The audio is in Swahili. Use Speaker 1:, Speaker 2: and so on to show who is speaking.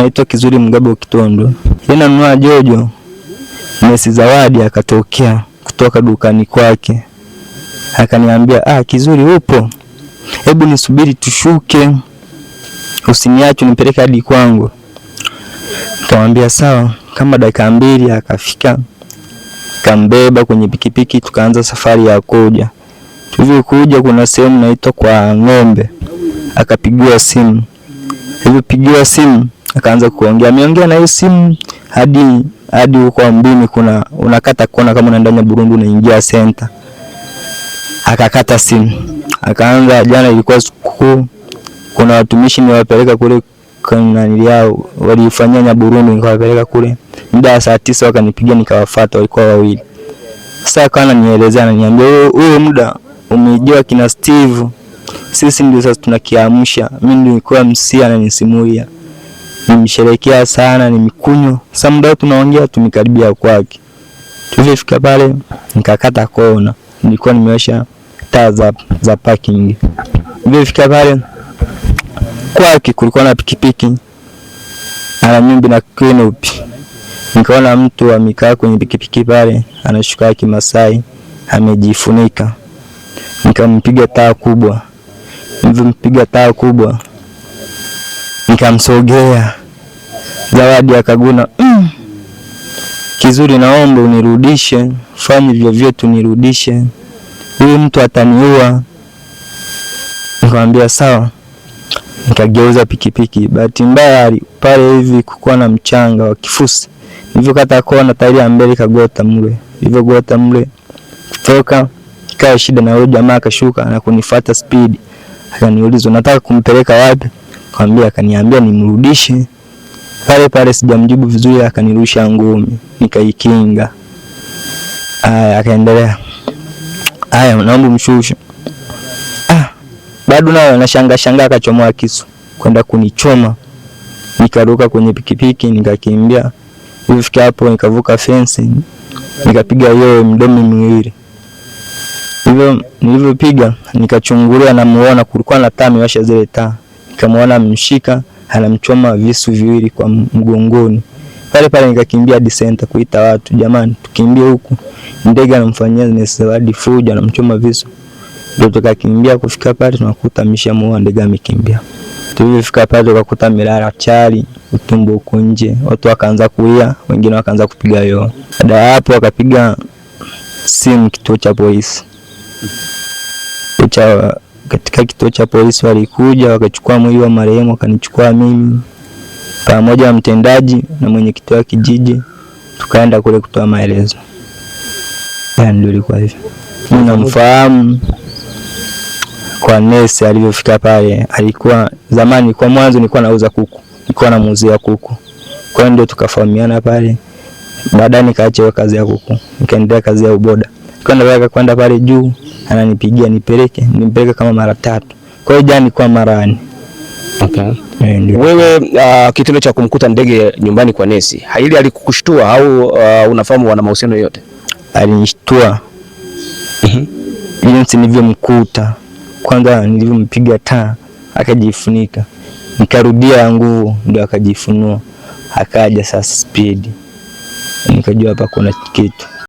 Speaker 1: Naitwa Kizuri Mgabo Kitondo. Yeye anunua Jojo. Mesi Zawadi akatokea kutoka dukani kwake akaniambia, ah, Kizuri upo? Hebu nisubiri tushuke, usiniache, nipeleke hadi kwangu. Nikamwambia sawa, kama dakika mbili akafika, kambeba kwenye pikipiki, tukaanza safari ya kuja. Tulivyokuja kuna sehemu naitwa kwa Ng'ombe, akapigiwa simu, alivyopigiwa simu akaanza kuongea, ameongea na hiyo simu hadi hadi huko mbini, kuna unakata kona kama unaenda na Burundi unaingia center. Akakata simu akaanza, jana ilikuwa siku, kuna watumishi niwapeleka kule kanani yao walifanyia na Burundi, nikawapeleka kule muda wa saa tisa wakanipigia, nikawafuata, walikuwa wawili. Sasa akawa ananielezea ananiambia, huyo muda umejua kina Steve, sisi ndio sasa tunakiamsha. Mimi nilikuwa msia ananisimulia nimsherekea sana, nimkunywa Sasa muda tunaongea tumekaribia kwake, tulifika pale nikakata kona, nilikuwa nimeosha taa za, za parking. Nilifika pale kwake kulikuwa na pikipiki ana nyumbi na kinupi. Nikaona mtu amekaa kwenye pikipiki pale, anashuka Kimasai, amejifunika. Nikampiga taa kubwa, nilimpiga taa kubwa, nikamsogea Zawadi akaguna mm. Kizuri, naomba unirudishe, fanye vyovyote unirudishe, huyu mtu ataniua. Nikamwambia sawa, nikageuza pikipiki. Bahati mbaya pale hivi kukuwa na mchanga wa kifusi, hivyo nilivyokata kona tairi ya mbele kagota mle, hivyo gota mle kutoka kaa shida, na yule jamaa akashuka na kunifuata speed, akaniuliza nataka kumpeleka wapi? Nikamwambia, akaniambia nimrudishe pale pale sijamjibu vizuri, akanirusha ngumi nikaikinga. Aya, akaendelea, aya, naomba mshushe. Ah, bado nayo nashanga shanga, akachomoa kisu kwenda kunichoma, nikaruka kwenye pikipiki nikakimbia. Nilifika hapo nikavuka fence nikapiga yowe mdomo miwili hivyo. Nilivyopiga nikachungulia, namuona kulikuwa na taa, mewasha zile taa, nikamuona amemshika anamchoma visu viwili kwa mgongoni. Pale pale nikakimbia hadi center kuita watu, jamani, tukimbie huku. Ndege anamfanyia Nesawadi fujo, anamchoma visu. Ndio tukakimbia kufika pale tunakuta mishamuua ndege amekimbia. Tulipofika pale tukakuta milala chali, utumbo uko nje. Watu wakaanza kulia, wengine wakaanza kupiga yoo. Baada ya hapo wakapiga simu kituo cha polisi. Cha katika kituo cha polisi, walikuja wakachukua mwili wa marehemu, wakanichukua mimi pamoja na mtendaji na mwenyekiti wa kijiji, tukaenda kule kutoa maelezo. Yaani ndio ilikuwa hivyo. Mimi namfahamu kwa nesi alivyofika pale, alikuwa zamani, kwa mwanzo nilikuwa nauza kuku, nilikuwa namuuzia kuku, kwa hiyo ndio tukafahamiana pale. Baadaye nikaacha kazi ya kuku, nikaendelea kazi ya uboda nataka kwenda pale juu, ananipigia nipeleke, nimpeleke kama mara tatu. Kwa hiyo jana kwa mara nne.
Speaker 2: Okay. Eh, Wewe uh, kitendo cha kumkuta ndege nyumbani kwa Nesi, hili alikukushtua au uh, unafahamu wana mahusiano yote?
Speaker 1: Alinishtua mhm. jinsi nilivyomkuta, kwanza nilivyompiga taa akajifunika, nikarudia nguvu, ndio akajifunua, akaja sasa spidi, nikajua hapa kuna kitu.